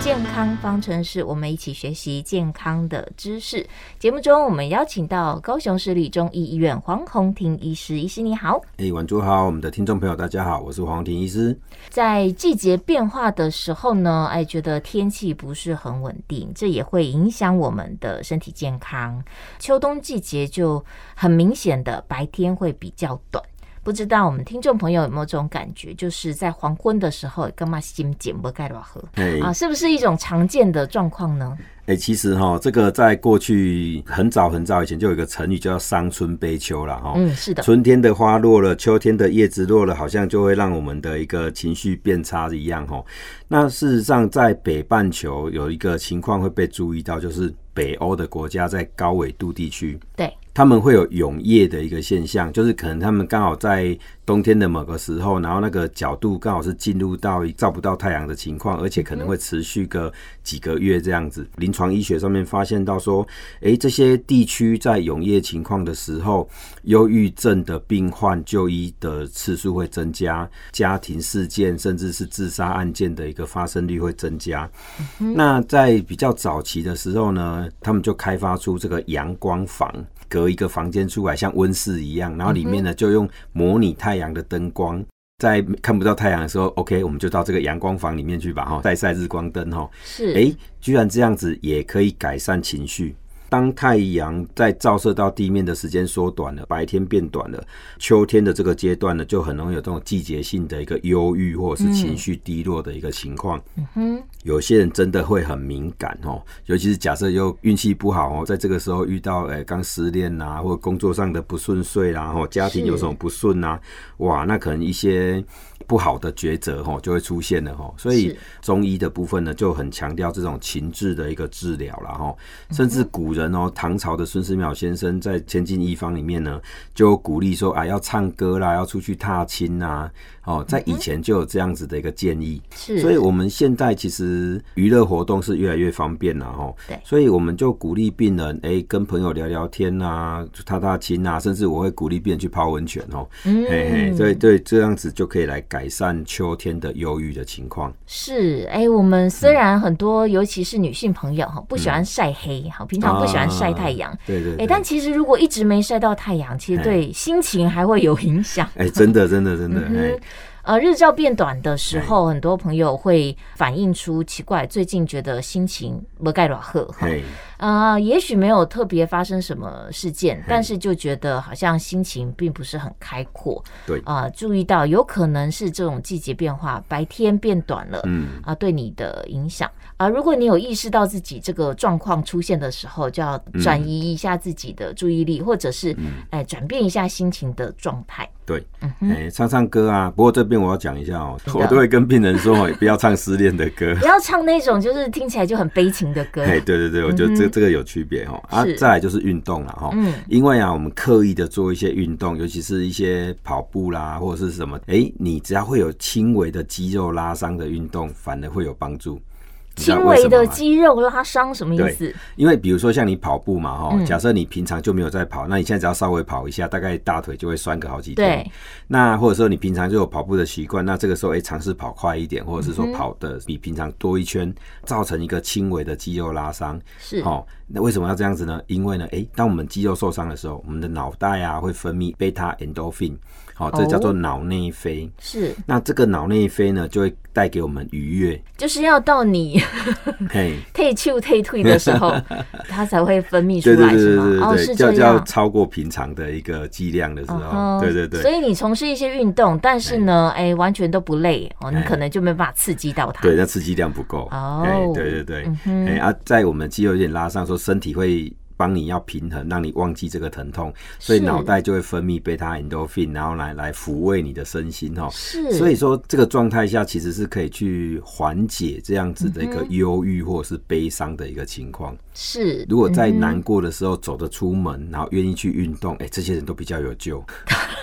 健康方程式，我們一起學習健康的知識。節目中，我們邀請到高雄市立中醫醫院黃宏庭醫師，醫師你好，誒，晚上好，我們的聽眾朋友大家好，我是黃宏庭醫師。在季節變化的時候呢，誒，覺得天氣不是很穩定，這也會影響我們的身體健康。秋冬季節就很明顯的白天會比較短。不知道我們聽眾朋友有沒有這種感覺，就是在黃昏的時候，幹嘛心緊不蓋熱喝啊？是不是一種常見的狀況呢？哎、欸，其實哈、哦，這個在過去很早很早以前就有一個成語叫“傷春悲秋啦”了、哦、哈。嗯，是的，春天的花落了，秋天的葉子落了，好像就會讓我們的一個情緒變差一樣哈、哦。那事實上，在北半球有一個情況會被注意到，就是北歐的國家在高緯度地區，對。他們會有永夜的一個現象，就是可能他們剛好在冬天的某個時候，然後那個角度剛好是進入到照不到太陽的情況，而且可能會持續個幾個月這樣子。臨床醫學上面發現到說，誒、欸，這些地區在永夜情況的時候，憂鬱症的病患就醫的次數會增加，家庭事件甚至是自殺案件的一個發生率會增加。那在比較早期的時候呢，他們就開發出這個陽光房。隔一個房間出來，像溫室一樣，然後裡面呢就用模擬太陽的燈光，嗯、哼在看不到太陽的時候，OK，我們就到這個陽光房裡面去吧，哈，曬曬日光燈，哈，是，誒、欸，居然這樣子也可以改善情緒。當太陽在照射到地面的時間縮短了，白天變短了，秋天的這個階段呢，就很容易有這種季節性的一個憂鬱或者是情緒低落的一個情況。嗯、有些人真的會很敏感哦，尤其是假設又運氣不好哦，在這個時候遇到誒剛、欸、失戀啊，或者工作上的不順遂啊，或家庭有什麼不順啊，是哇，那可能一些。不好的抉擇吼，就會出現了吼，所以中醫的部分呢，就很強調這種情志的一個治療了吼，甚至古人哦，唐朝的孫思邈先生在《千金一方》裡面呢，就鼓勵說啊，要唱歌啦，要出去踏青吶、啊。哦，在以前就有這樣子的一個建議，是，所以我們現在其實娛樂活動是越來越方便了、啊、哈。對，所以我們就鼓勵病人哎、欸，跟朋友聊聊天吶、啊，踏踏青啊，甚至我會鼓勵病人去泡溫泉哦。嗯，嘿嘿，對對，這樣子就可以來改善秋天的憂鬱的情況。是，哎、欸，我們雖然很多，嗯、尤其是女性朋友哈，不喜歡曬黑，好、嗯，平常不喜歡曬太陽、啊。對對,對,對，哎、欸，但其實如果一直沒曬到太陽，其實對、欸、心情還會有影響。哎、欸，真的，真的，真的、嗯。欸呃，日照變短的時候，很多朋友會反映，出奇怪，最近覺得心情摩蓋羅赫哈。Hey. 呃，也許沒有特別發生什麼事件，嗯、但是就覺得好像心情並不是很開闊。對啊，呃，注意到有可能是這種季節變化，白天變短了。嗯啊，呃，對你的影響啊，呃，如果你有意識到自己這個狀況出現的時候，就要轉移一下自己的注意力，嗯、或者是哎轉，嗯呃、變一下心情的狀態。對，哎、嗯哼欸，唱唱歌啊。不過這邊我要講一下哦，喔，的我都會跟病人說不要唱失戀的歌， 不要唱那種就是聽起來就很悲情的歌。哎，欸，對對對，我覺得這。這個有區別哦，啊，是再來就是運動了哈，因為啊，我們刻意的做一些運動，尤其是一些跑步啦，或者是什麼，哎、欸，你只要會有輕微的肌肉拉傷的運動，反而會有幫助。輕微的肌肉拉傷什麼意思？因為比如說像你跑步嘛，哈，假設你平常就沒有在跑，嗯、那你現在只要稍微跑一下，大概大腿就會酸個好幾天。對，那或者說你平常就有跑步的習慣，那這個時候誒，嘗試跑快一點，或者是說跑得比平常多一圈，造成一個輕微的肌肉拉傷。是，好、哦，那為什麼要這樣子呢？因為呢，誒、欸，當我們肌肉受傷的時候，我們的腦袋呀、啊、會分泌貝塔 endorphin。End 哦，這叫做腦內啡。是。那這個腦內啡呢，就會帶給我們愉悅。就是要到你，嘿嘿，退，k 退 t 的時候，它才會分泌出來，是嗎？哦，是這樣。要要超過平常的一個劑量的時候，對對對。所以你從事一些運動，但是呢，哎，完全都不累哦，你可能就沒辦法刺激到它。對，那刺激量不夠。哦，對對對。哎，而在我們肌肉有點拉傷，說身體會。幫你要平衡，讓你忘記這個疼痛，所以腦袋就會分泌貝塔 endorphin，然後來來撫慰你的身心哈，是，所以說這個狀態下其實是可以去緩解這樣子的一個憂鬱或者是悲傷的一個情況。是，如果在難過的時候走得出門，然後願意去運動，哎、欸，這些人都比較有救。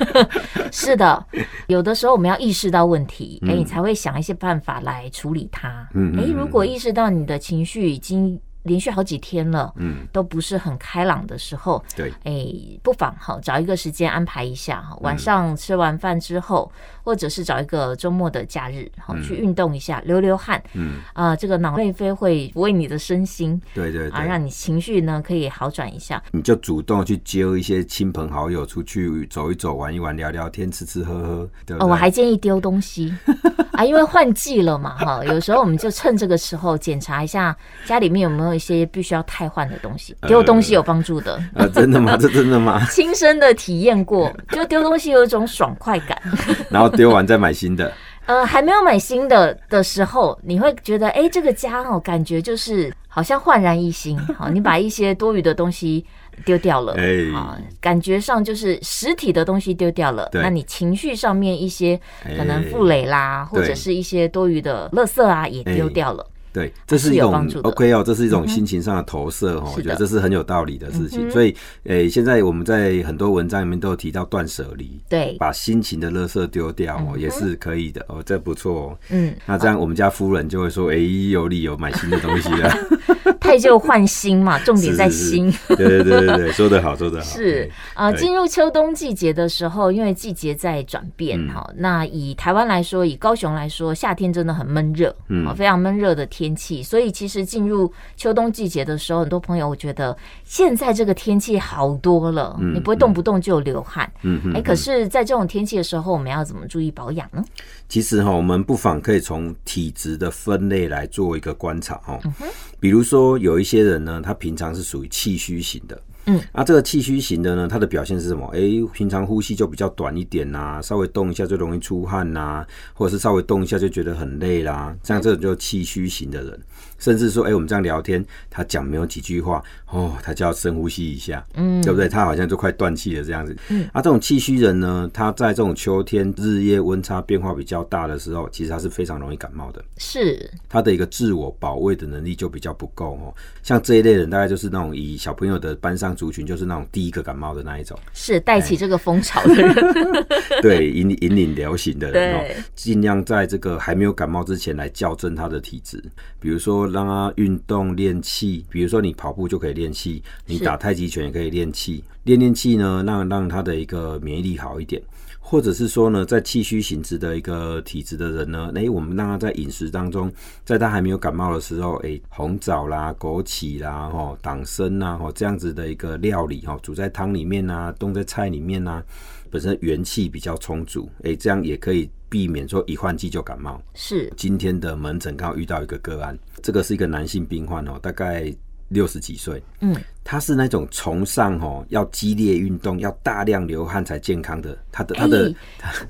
是的，有的時候我們要意識到問題，哎、嗯欸，你才會想一些辦法來處理它。嗯,嗯,嗯，哎、欸，如果意識到你的情緒已經。連續好幾天了，嗯，都不是很開朗的時候，對，哎、欸，不妨哈找一個時間安排一下哈，晚上吃完飯之後，嗯、或者是找一個周末的假日，好，嗯、去運動一下，流流汗，嗯，啊、呃，這個腦內啡會撫慰你的身心，對,對對，啊，讓你情緒呢可以好轉一下。你就主動去接一些親朋好友出去走一走、玩一玩、聊聊天、吃吃喝喝，對,對。哦，我還建議丟東西 啊，因為換季了嘛，哈、啊，有時候我們就趁這個時候檢查一下家裡面有沒有。一些必須要汰換的東西，丟東西有幫助的、呃呃、真的嗎？這真的嗎？親身 的體驗過，就丟東西有一種爽快感。 然後丟完再買新的。呃，還沒有買新的的時候，你會覺得，哎、欸，這個家哦，感覺就是好像煥然一新。好，你把一些多餘的東西丟掉了， 啊，感覺上就是實體的東西丟掉了。欸、那你情緒上面一些可能負累啦，欸、或者是一些多餘的垃圾啊，欸、也丟掉了。對，這是一種 OK 哦，這是一種心情上的投射哦，我覺得這是很有道理的事情。所以，哎，現在我們在很多文章裡面都有提到斷捨離，對，把心情的垃圾丟掉哦，也是可以的哦，這不錯哦。嗯，那這樣我們家夫人就會說，哎，有理由買新的東西了，汰舊換新嘛，重點在新。對對對對，說得好，說得好。是啊，進入秋冬季節的時候，因為季節在轉變哈，那以台灣來說，以高雄來說，夏天真的很悶熱，嗯，非常悶熱的天。天氣，所以其實進入秋冬季節的時候，很多朋友我覺得現在這個天氣好多了，你不會動不動就流汗。嗯哼，哎、嗯嗯嗯欸，可是，在這種天氣的時候，我們要怎麼注意保養呢？其實哈，我們不妨可以從體質的分類來做一個觀察哈。比如說有一些人呢，他平常是屬於氣虛型的。嗯，啊，這個氣虛型的呢，它的表現是什麼？誒，平常呼吸就比較短一點吶、啊，稍微動一下就容易出汗吶、啊，或者是稍微動一下就覺得很累啦、啊，像這種就是氣虛型的人。甚至說，哎、欸，我們這樣聊天，他講沒有幾句話，哦，他就要深呼吸一下，嗯，對不對？他好像就快斷氣了這樣子。嗯，啊，這種氣虛人呢，他在這種秋天日夜溫差變化比較大的時候，其實他是非常容易感冒的。是，他的一個自我保衛的能力就比較不夠哦。像這一類人，大概就是那種以小朋友的班上族群，就是那種第一個感冒的那一種，是帶起這個風潮的人。哎、 對，引領引領流行的人哦，對盡量在這個還沒有感冒之前來校正他的體質，比如說。讓他運動練氣，比如說你跑步就可以練氣，你打太極拳也可以練氣。是練練氣呢，讓讓他的一個免疫力好一點，或者是說呢，在氣虛形質的一個體質的人呢，誒，我們讓他在飲食當中，在他還沒有感冒的時候，誒，紅棗啦、枸杞啦、哈、哦、黨參啦、哈、哦、這樣子的一個料理哈、哦，煮在湯裡面吶、啊，凍在菜裡面吶、啊，本身元氣比較充足，誒，這樣也可以。避免說一換季就感冒。是今天的門診剛好遇到一個個案，這個是一個男性病患哦、喔，大概六十幾歲。嗯，他是那種崇尚、喔、要激烈運動、要大量流汗才健康的。他的、欸、他的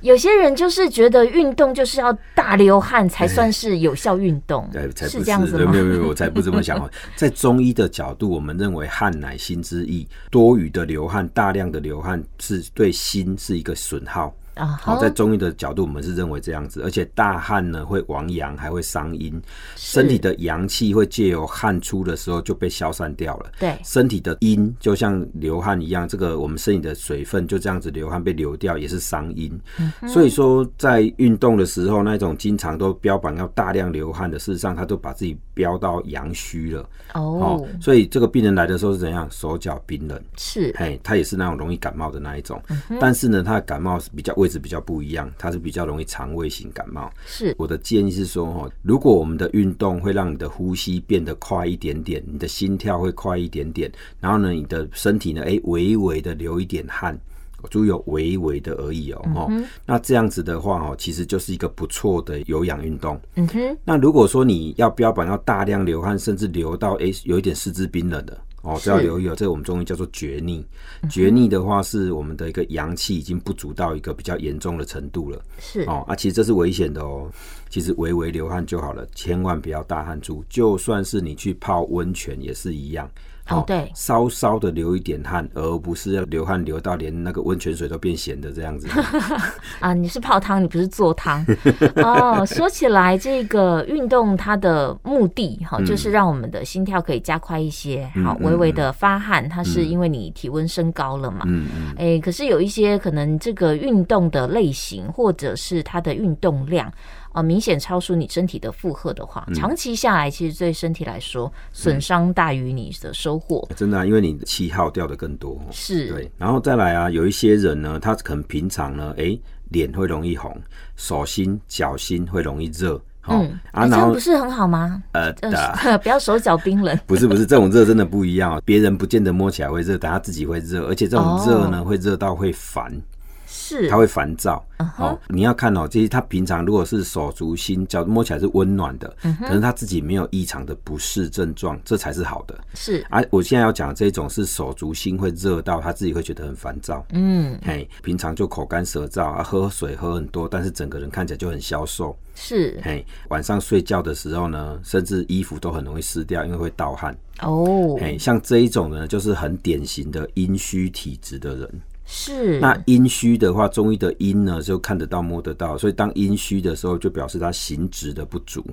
有些人就是覺得運動就是要大流汗才算是有效運動，對、欸，是這樣子嗎？沒有沒有，我才不這麼想哦。 在中醫的角度，我們認為汗乃心之液，多餘的流汗、大量的流汗是對心是一個損耗。好，uh huh. 在中醫的角度，我們是認為這樣子，而且大汗呢會亡陽，還會傷陰，身體的陽氣會借由汗出的時候就被消散掉了。對，身體的陰就像流汗一樣，這個我們身體的水分就這樣子流汗被流掉，也是傷陰。所以說，在運動的時候，那種經常都標榜要大量流汗的，事實上他都把自己標到陽虛了。哦，所以這個病人來的時候是怎樣？手腳冰冷，是，哎，他也是那種容易感冒的那一種，但是呢，他的感冒是比較危。是比較不一樣，它是比較容易腸胃型感冒。是，我的建議是說哈，如果我們的運動會讓你的呼吸變得快一點點，你的心跳會快一點點，然後呢，你的身體呢，誒、欸，微微的流一點汗，就有微微的而已哦、喔。嗯哼。那這樣子的話哦，其實就是一個不錯的有氧運動。嗯哼，那如果說你要標榜要大量流汗，甚至流到誒、欸，有一點四肢冰冷的。哦，這要留意哦，是這我們中醫叫做厥逆。嗯、哼厥逆的話，是我們的一個陽氣已經不足到一個比較嚴重的程度了。是哦，啊，其實這是危險的哦。其實微微流汗就好了，千萬不要大汗出。就算是你去泡溫泉也是一樣。哦，oh, 對，稍稍的流一點汗，而不是要流汗流到連那個溫泉水都變鹹的這樣子。 啊，你是泡湯，你不是做湯。 哦，說起來，這個運動它的目的哈、哦，就是讓我們的心跳可以加快一些，嗯、好微微的發汗，它是因為你體溫升高了嘛。嗯，嗯，誒，可是有一些可能這個運動的類型或者是它的運動量。啊，明顯超出你身體的負荷的話，嗯、長期下來其實對身體來說損傷大於你的收穫、嗯嗯嗯。真的、啊，因為你氣耗掉的更多。是，對。然後再來啊，有一些人呢，他可能平常呢，哎、欸，臉會容易紅，手心、腳心會容易熱，嗯，啊，然後這樣不是很好嗎？呃的 不要手腳冰冷。不是不是，這種熱真的不一樣、哦，別人不見得摸起來會熱，但他自己會熱，而且這種熱呢，哦、會熱到會煩。是，他會煩躁。Uh huh. 哦，你要看哦，這些他平常如果是手足心腳摸起來是溫暖的，uh huh. 可是他自己沒有異常的不適症狀，這才是好的。是而、啊、我現在要講這種是手足心會熱到他自己會覺得很煩躁。嗯，嘿，平常就口乾舌燥、啊，喝水喝很多，但是整個人看起來就很消瘦。是，嘿，晚上睡覺的時候呢，甚至衣服都很容易濕掉，因為會盜汗。哦，oh. 嘿，像這一種呢，就是很典型的陰虛體質的人。是，那陰虛的話，中醫的陰呢，就看得到、摸得到，所以當陰虛的時候，就表示它形質的不足。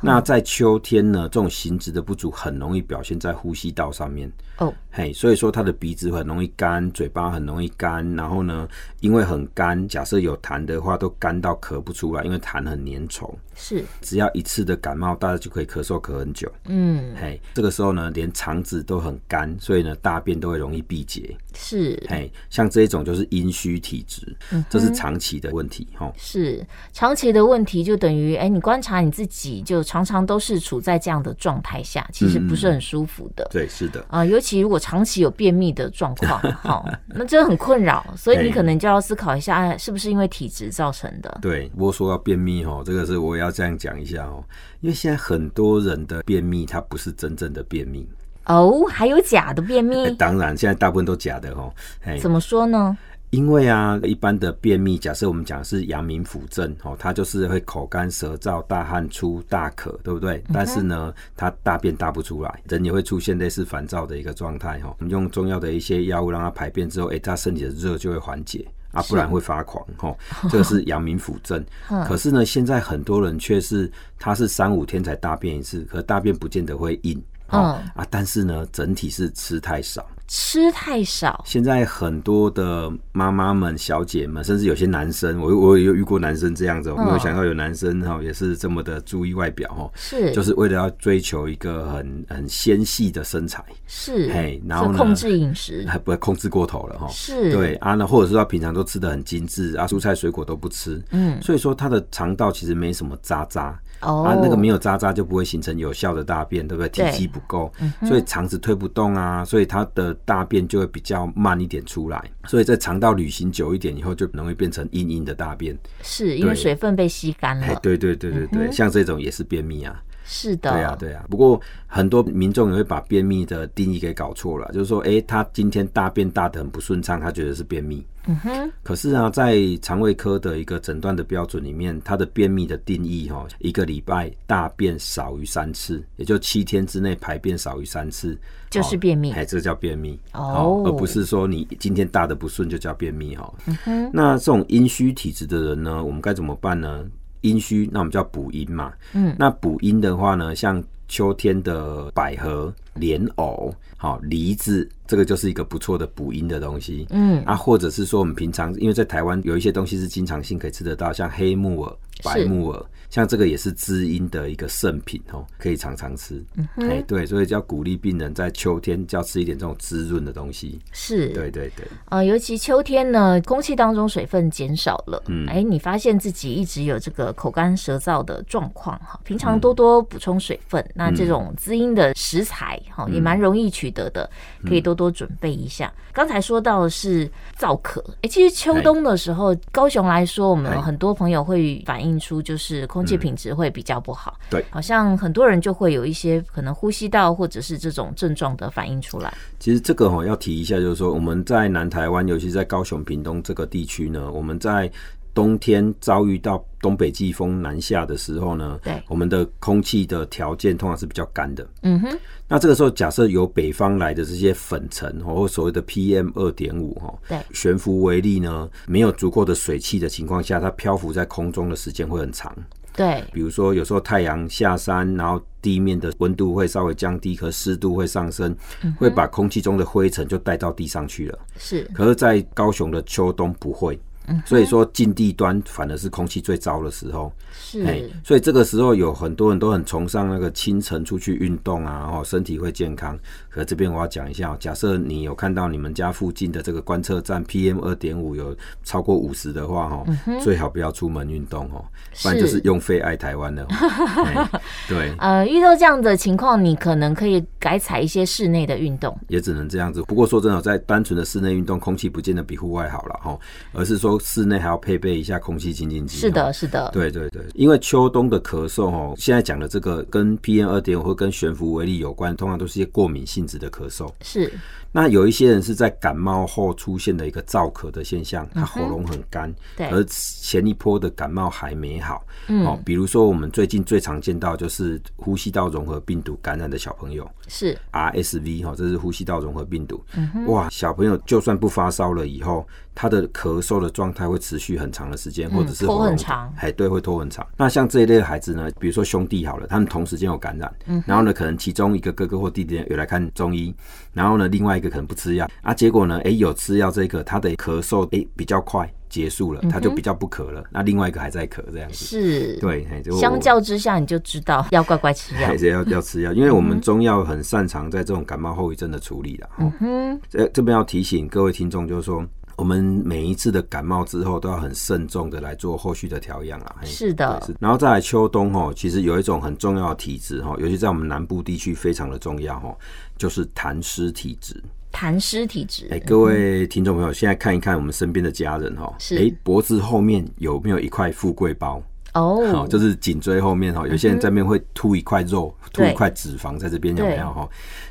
那在秋天呢，這種形質的不足很容易表現在呼吸道上面。哦嘿，所以說他的鼻子很容易乾，嘴巴很容易乾，然後呢，因為很乾，假設有痰的話，都乾到咳不出來，因為痰很粘稠。是，只要一次的感冒，大家就可以咳嗽咳很久。嗯，嘿，這個時候呢，連腸子都很乾，所以呢，大便都會容易閉結。是，嘿，像這一種就是陰虛體質，嗯、哼這是長期的問題。吼，是長期的問題，就等於哎、欸，你觀察你自己，就常常都是處在這樣的狀態下，其實不是很舒服的。嗯嗯對，是的，啊、呃，尤其如果。長期有便秘的狀況， 好，那真的很困擾，所以你可能就要思考一下，是不是因為體質造成的？對，我說到便秘哈，這個是我要這樣講一下哦，因為現在很多人的便秘，它不是真正的便秘哦，還有假的便秘，欸、當然現在大部分都假的哦。怎麼說呢？因為啊，一般的便秘，假設我們講的是陽明腑證哦，它就是會口乾舌燥，大汗出、大渴，對不對？Okay. 但是呢，它大便大不出來，人也會出現類似煩躁的一個狀態，哦。我們用中藥的一些藥物讓它排便之後，哎，它身體的熱就會緩解啊，不然會發狂，吼是、哦。這個是陽明腑證。 可是呢，現在很多人卻是，他是三五天才大便一次，可是大便不見得會硬，嗯、哦、 啊，但是呢，整體是吃太少。吃太少，現在很多的媽媽們、小姐們，甚至有些男生，我我也有遇過男生這樣子，我沒有想到有男生哈也是這麼的注意外表哦，是、嗯，就是為了要追求一個很很纖細的身材，是，嘿，然後呢，控制飲食，還不要控制過頭了哈，是對啊，那或者說他平常都吃的很精緻啊，蔬菜水果都不吃，嗯，所以說他的腸道其實沒什麼渣渣。它、啊、那個沒有渣渣就不會形成有效的大便，對不對？對體積不夠，嗯、哼所以腸子推不動啊，所以它的大便就會比較慢一點出來，所以在腸道旅行久一點以後，就容易變成硬硬的大便，是對因為水分被吸乾了、哎。對對對對對，嗯、哼像這種也是便秘啊。是的，對啊對啊。不過很多民眾也會把便秘的定義給搞錯了，就是說，哎、欸，他今天大便大的很不順暢，他覺得是便秘。嗯哼。可是呢，在腸胃科的一個診斷的標準裡面，他的便秘的定義哈、喔，一個禮拜大便少於三次，也就七天之內排便少於三次，就是便秘。哎、喔欸，這個、叫便秘哦、喔，而不是說你今天大的不順就叫便秘哈、喔。嗯哼。那這種陰虛體質的人呢，我們該怎麼辦呢？陰虛，那我們叫補陰嘛。嗯，那補陰的話呢，像秋天的百合。蓮藕，好、哦，梨子，這個就是一個不錯的補陰的東西。嗯，啊，或者是說我們平常，因為在台灣有一些東西是經常性可以吃得到，像黑木耳、白木耳，是像這個也是滋陰的一個聖品哦，可以常常吃。嗯哼、欸、對，所以就要鼓勵病人在秋天就要吃一點這種滋潤的東西。是，對對對。啊、呃，尤其秋天呢，空氣當中水分減少了，嗯，哎，你發現自己一直有這個口乾舌燥的狀況哈，平常多多補充水分，嗯、那這種滋陰的食材。好，也蠻容易取得的，嗯、可以多多準備一下。剛才說到的是燥咳。欸、其實秋冬的時候，欸、高雄來說，我們很多朋友會反映出就是空氣品質會比較不好，嗯、對，好像很多人就會有一些可能呼吸道或者是這種症狀的反應出來。其實這個哈要提一下，就是說我們在南台灣，尤其在高雄、屏東這個地區呢，我們在。冬天遭遇到東北季風南下的時候呢，對我們的空氣的條件通常是比較乾的。嗯哼，那這個時候假設由北方來的這些粉塵或所謂的 PM 二點五哈，對懸浮微粒呢，沒有足夠的水汽的情況下，它漂浮在空中的時間會很長。對，比如說有時候太陽下山，然後地面的溫度會稍微降低和濕度會上升，嗯、哼會把空氣中的灰塵就帶到地上去了。是，可是，在高雄的秋冬不會。所以說，近地端反而是空氣最糟的時候。是、欸，所以這個時候有很多人都很崇尚那個清晨出去運動啊，然、哦、後身體會健康。可這邊我要講一下，假設你有看到你們家附近的這個觀測站 PM 二點五有超過五十的話，哈、哦，嗯、哼最好不要出門運動哦，不然是就是用肺愛台灣了、 欸。對，呃，遇到這樣的情況，你可能可以改採一些室內的運動，也只能這樣子。不過說真的，在單純的室內運動，空氣不見得比戶外好了哈、哦，而是說。室內還要配備一下空氣清新機。是的，是的，對對對，因為秋冬的咳嗽哦，現在講的這個跟 PM 二點五或跟懸浮微粒有關，通常都是一些過敏性質的咳嗽。是。那有一些人是在感冒後出現的一個燥咳的現象，嗯、哼他喉嚨很乾，對而前一波的感冒還沒好。嗯、哦，比如說我們最近最常見到就是呼吸道融合病毒感染的小朋友，是 RSV 哈、哦，這是呼吸道融合病毒。嗯、哼哇，小朋友就算不發燒了以後，他的咳嗽的狀態會持續很長的時間，或者是拖很長。哎、嗯，對，會拖很長。那像這一類的孩子呢，比如說兄弟好了，他們同時間有感染，嗯、哼然後呢，可能其中一個哥哥或弟弟有來看中醫，然後呢，另外一個。可能不吃藥啊，結果呢？哎、欸，有吃藥這一個，他的咳嗽哎、欸、比較快結束了，他、嗯、哼就比較不咳了。那另外一個還在咳，這樣子，是對。就相較之下，你就知道 要乖乖吃藥，還是、欸、要要吃藥？嗯、哼因為我們中藥很擅長在這種感冒後遺症的處理啦。嗯哼這這邊要提醒各位聽眾，就是說。我們每一次的感冒之後，都要很慎重的來做後續的調養啊。是的。嘿，是，然後再來秋冬哦，其實有一種很重要的體質哦，尤其在我們南部地區非常的重要哈哦，就是痰濕體質。痰濕體質，哎，各位聽眾朋友，嗯，現在看一看我們身邊的家人哈哦，哎，是，脖子後面有沒有一塊富貴包？哦，oh. 好，就是頸椎後面哈，有些人在這邊會凸一塊肉，mm hmm. 凸一塊脂肪在這邊有沒有？對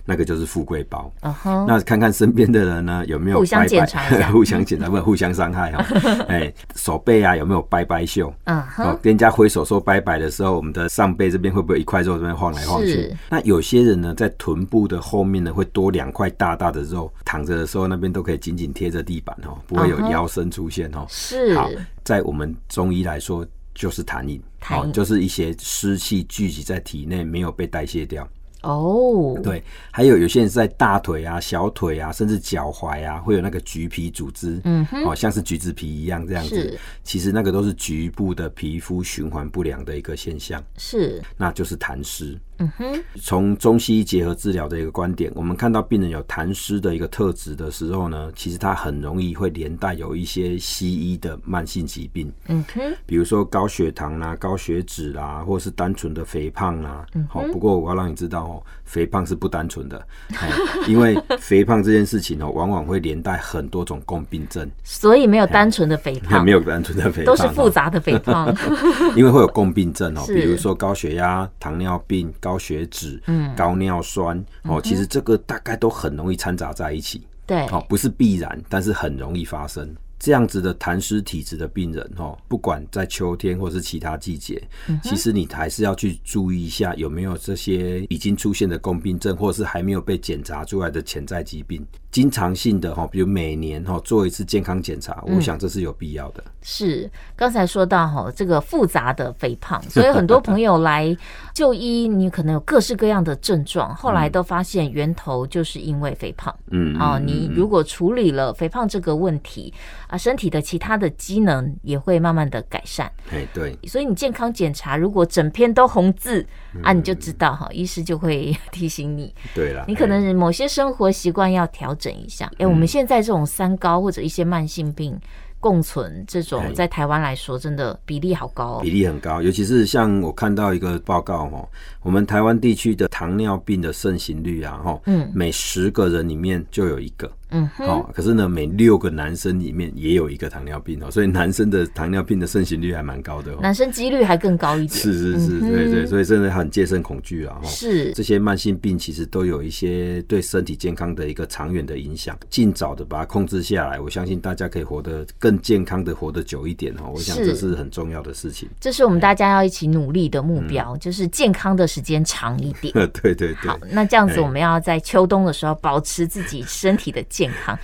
那個就是富貴包。Uh huh. 那看看身邊的人呢，有沒有拜拜互相檢查， 互相檢查，不互相傷害哈。 哎，手背啊，有沒有掰掰袖？嗯、uh，好、huh.，跟人家揮手說掰掰的時候，我們的上背這邊會不會一塊肉這邊晃來晃去？是那有些人呢，在臀部的後面呢，會多兩塊大大的肉，躺着的時候那邊都可以緊緊貼着地板哦，不會有腰身出現哦。是、uh。Huh. 好，在我們中醫來說。就是痰飲，痰哦，就是一些濕氣聚集在體內沒有被代謝掉。哦，對，還有有些人在大腿啊、小腿啊，甚至腳踝啊，會有那個橘皮組織，嗯哼、哦，像是橘子皮一樣這樣子。是其實那個都是局部的皮膚循環不良的一個現象，是，那就是痰濕。嗯哼，從中西醫結合治療的一個觀點，我們看到病人有痰濕的一個特質的時候呢，其實他很容易會連帶有一些西醫的慢性疾病。嗯哼，比如說高血糖啦、啊、高血脂啦、啊，或是單純的肥胖啦、啊。好、嗯哼哦，不過我要讓你知道哦，肥胖是不單純的，哎、 因為肥胖這件事情哦，往往會連帶很多種共病症。所以沒有單純的肥胖，哎、沒有，沒有單純的肥胖，都是複雜的肥胖，哦、 因為會有共病症哦，是比如說高血壓、糖尿病。高血脂，嗯，高尿酸，哦、嗯喔，其實這個大概都很容易摻雜在一起，對、嗯哼，哦、喔，不是必然，但是很容易發生。這樣子的痰濕體質的病人哦，不管在秋天或是其他季節，其實你還是要去注意一下有沒有這些已經出現的共病症，或是還沒有被檢查出來的潛在疾病。經常性的哈，比如每年哈做一次健康檢查，我想這是有必要的。嗯，是剛才說到哈這個複雜的肥胖，所以很多朋友來就醫，你可能有各式各樣的症狀，後來都發現源頭就是因為肥胖。嗯啊，哦、嗯，你如果處理了肥胖這個問題。啊，身體的其他的機能也會慢慢的改善。哎，對，所以你健康檢查如果整篇都紅字啊，你就知道哈哦，醫師就會提醒你。對了，你可能某些生活習慣要調整一下。哎，我們現在這種三高或者一些慢性病共存，這種在台灣來說真的比例好高哦，比例很高。尤其是像我看到一個報告哈哦，我們台灣地區的糖尿病的盛行率啊，哈，嗯，每十個人裡面就有一個。嗯，好，哦，可是呢，每六個男生裡面也有一個糖尿病哦，所以男生的糖尿病的盛行率還蠻高的哦。男生幾率還更高一點。是是是，嗯、哼對，對對，所以真的很戒慎恐懼啊。是，這些慢性病其實都有一些對身體健康的一個長遠的影響，盡早的把它控制下來，我相信大家可以活得更健康的，活得久一點哈。我想這是很重要的事情。這是我們大家要一起努力的目標，嗯、就是健康的時間長一點。呵呵，對對對。好，那這樣子我們要在秋冬的時候保持自己身體的健康。健康，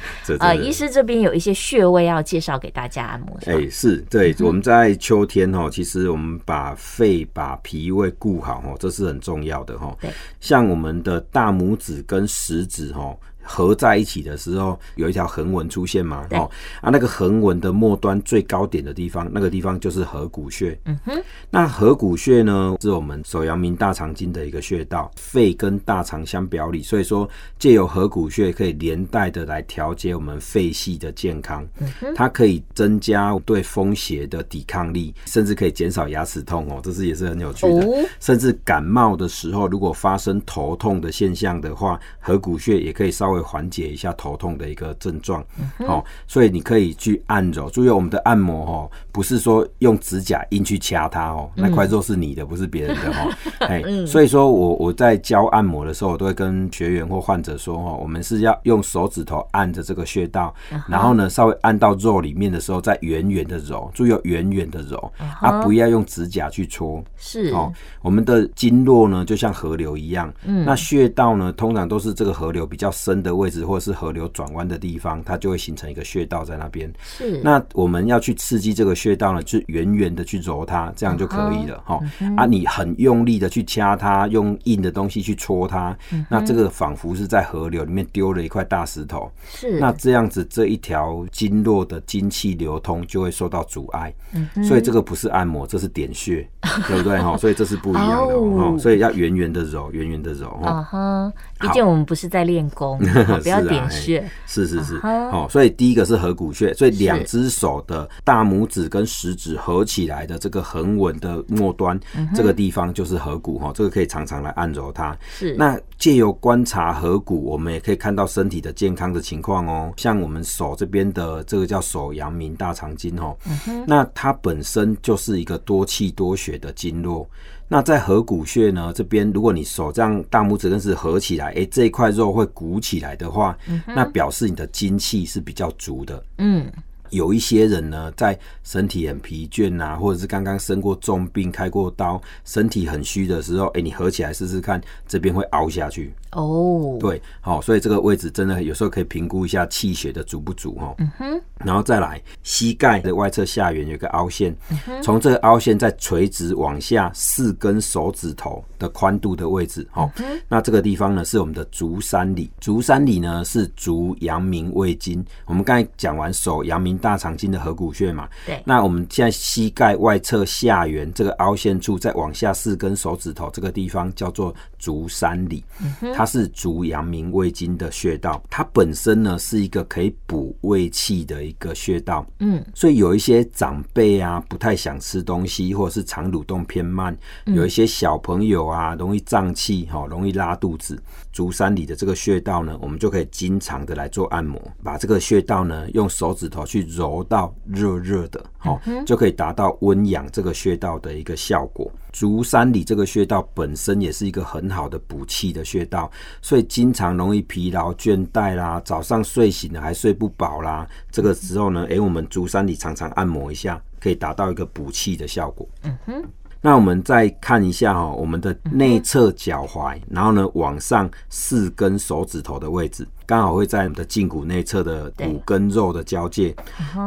呃，醫師這邊有一些穴位要介紹給大家按摩。哎、欸，是對，我們在秋天哈，嗯哼，其實我們把肺、把脾胃顧好哈，這是很重要的哈。對，像我們的大拇指跟食指哈。合在一起的時候，有一條橫紋出現嘛？對哦，啊，那個橫紋的末端最高點的地方，那個地方就是合谷穴。嗯哼。那合谷穴呢，是我們手陽明大腸經的一個穴道，肺跟大腸相表裡，所以說借由合谷穴可以連帶的來調節我們肺系的健康。嗯哼。它可以增加對風邪的抵抗力，甚至可以減少牙齒痛哦，這是也是很有趣的。哦、甚至感冒的時候，如果發生頭痛的現象的話，合谷穴也可以稍。會緩解一下頭痛的一個症狀，嗯、哼哦，所以你可以去按揉。注意我們的按摩哦，不是說用指甲硬去掐它哦，嗯、那塊肉是你的，不是別人的哈、哦。哎、嗯，所以說我我在教按摩的時候，我都會跟學員或患者說哦，我們是要用手指頭按着這個穴道，嗯、哼然後呢，稍微按到肉裡面的時候，再遠遠的揉，注意要遠遠的揉，嗯、哼啊，不要用指甲去搓。是哦，我們的經絡呢，就像河流一樣，嗯，那穴道呢，通常都是這個河流比較深的。的位置，或者是河流轉彎的地方，它就會形成一個穴道在那邊。是，那我們要去刺激這個穴道呢，就圓圓的去揉它，這樣就可以了。哈、嗯哼，啊，你很用力的去掐它，用硬的東西去戳它，嗯、哼那這個仿佛是在河流裡面丟了一塊大石頭。是，那這樣子這一條經絡的精氣流通就會受到阻礙。嗯哼，所以這個不是按摩，這是點穴， 對不對？哈，所以這是不一樣的。哦，哦，所以要圓圓的揉，圓圓的揉。哦哈、嗯哼，畢竟好我們不是在練功。 不要點穴，是，啊、嘿是是是、uh huh. 哦，所以第一個是合谷穴，所以兩只手的大拇指跟食指合起來的這個橫紋的末端，uh huh. 這個地方就是合谷哈，這個可以常常來按揉它。是、uh，huh. 那借由觀察合谷，我們也可以看到身體的健康的情況哦。像我們手這邊的這個叫手陽明大腸經哈，哦 uh huh. 那它本身就是一個多氣多血的經絡。那在合谷穴呢這邊，如果你手這樣大拇指跟食指合起來，哎、欸，這一塊肉會鼓起來的話，嗯、哼那表示你的精氣是比較足的。嗯，有一些人呢，在身體很疲倦啊，或者是剛剛生過重病、開過刀、身體很虛的時候，哎、欸，你合起來試試看，這邊會凹下去。哦，oh. 對，好，所以這個位置真的有時候可以評估一下氣血的足不足哦。Mm hmm. 然後再來，膝蓋的外側下緣有個凹陷，從、mm hmm. 這個凹陷再垂直往下四根手指頭的寬度的位置哦。Mm hmm. 那這個地方呢是我們的足三里，足三里呢是足陽明胃經。我們剛才講完手陽明大腸經的合谷穴嘛，對、mm。Hmm. 那我們現在膝蓋外側下緣這個凹陷處再往下四根手指頭這個地方叫做足三里。Mm hmm. 它它是足陽明胃經的穴道，它本身呢是一個可以補胃氣的一個穴道。嗯，所以有一些長輩啊不太想吃東西，或者是腸蠕動偏慢，有一些小朋友啊容易脹氣哈、哦，容易拉肚子，足三里的這個穴道呢，我們就可以經常的來做按摩，把這個穴道呢用手指頭去揉到熱熱的。好、哦，就可以達到溫養這個穴道的一個效果。足三里這個穴道本身也是一個很好的補氣的穴道，所以經常容易疲勞、倦怠，啦，早上睡醒了還睡不飽啦，這個時候呢，欸、我們足三里常常按摩一下，可以達到一個補氣的效果。嗯哼。那我們再看一下哈、哦，我們的內側腳踝，然後呢往上四根手指頭的位置。剛好會在我們的脛骨內側的骨跟肉的交界，對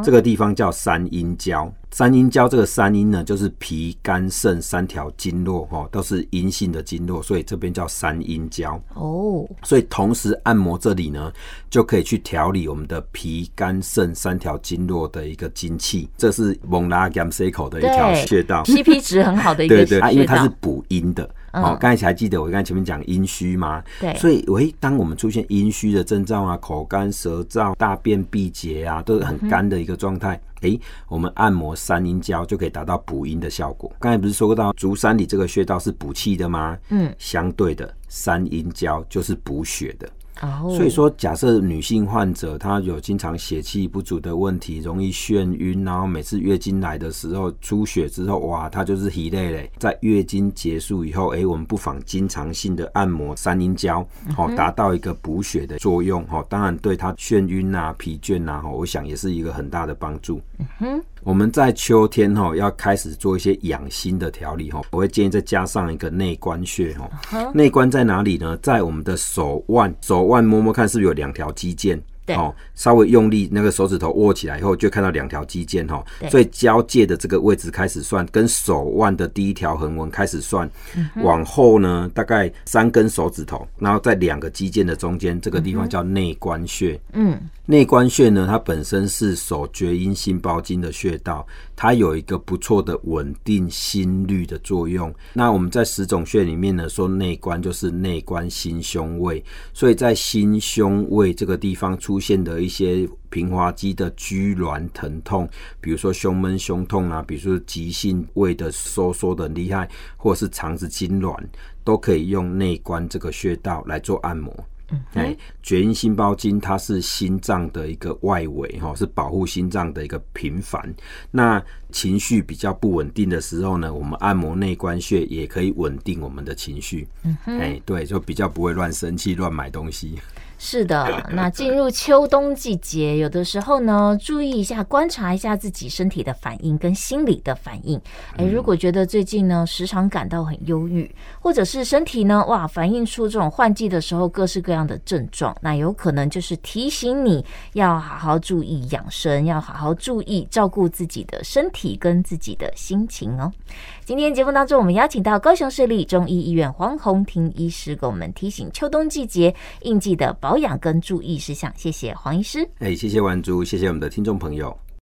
這個地方叫三陰交。嗯、哼三陰交這個三陰呢，就是脾、肝、腎三條經絡哈，都是陰性的經絡，所以這邊叫三陰交。哦，所以同時按摩這裡呢，就可以去調理我們的脾、肝、腎三條經絡的一個精氣。這是蒙拉甘塞口的一條穴道，CP 對 值很好的一個穴道，因為它是補陰的。哦，剛才還記得我剛才前面講陰虛嗎？對，所以，唯、欸、當我們出現陰虛的症狀啊，口乾舌燥、大便閉結啊，都是很乾的一個狀態。哎、嗯哼欸，我們按摩三陰交就可以達到補陰的效果。剛才不是說過到足三里這個穴道是補氣的嗎？嗯，相對的，三陰交就是補血的。Oh. 所以說，假設女性患者她有經常血氣不足的問題，容易眩暈，然後每次月經來的時候出血之後，哇，她就是疲累嘞。在月經結束以後，哎，我們不妨經常性的按摩三陰交，哦，達到一個補血的作用，哦。當然對她眩暈啊、疲倦啊，我想也是一個很大的幫助。Mm-hmm. 我們在秋天吼，要開始做一些養心的調理吼，我會建議再加上一個內關穴吼。uh huh. 內關在哪裡呢？在我們的手腕，手腕摸摸看是不是有兩條肌腱。對哦，稍微用力那個手指頭握起來以後，就看到兩條肌腱哈，哦、對所以交界的這個位置開始算，跟手腕的第一條橫紋開始算，嗯、哼往後呢大概三根手指頭，然後在兩個肌腱的中間這個地方叫內關穴。嗯哼，內關穴呢，它本身是手厥陰心包經的穴道，它有一個不錯的穩定心率的作用。那我們在十種穴裡面呢，說內關就是內關心胸胃，所以在心胸胃這個地方出。出現的一些平滑肌的痙攣疼痛，比如說胸悶、胸痛啊，比如說急性胃的收縮的厲害，或是腸子痙攣，都可以用內關這個穴道來做按摩。嗯、mm，hmm. 哎，厥陰心包經，它是心臟的一個外圍，哈，是保護心臟的一個平繁。那情緒比較不穩定的時候呢，我們按摩內關穴也可以穩定我們的情緒。嗯、mm，hmm. 哎，對，就比較不會亂生氣、亂買東西。是的，那進入秋冬季節，有的時候呢，注意一下，觀察一下自己身體的反應跟心理的反應。誒、欸，如果覺得最近呢，時常感到很憂鬱，或者是身體呢，哇，反映出這種換季的時候各式各樣的症狀，那有可能就是提醒你要好好注意養生，要好好注意照顧自己的身體跟自己的心情哦。今天節目當中，我們邀請到高雄市立中醫醫院黃宏庭醫師，給我們提醒秋冬季節應季的保養跟注意事項。謝謝黃醫師。哎，謝謝丸珠，謝謝我們的聽眾朋友。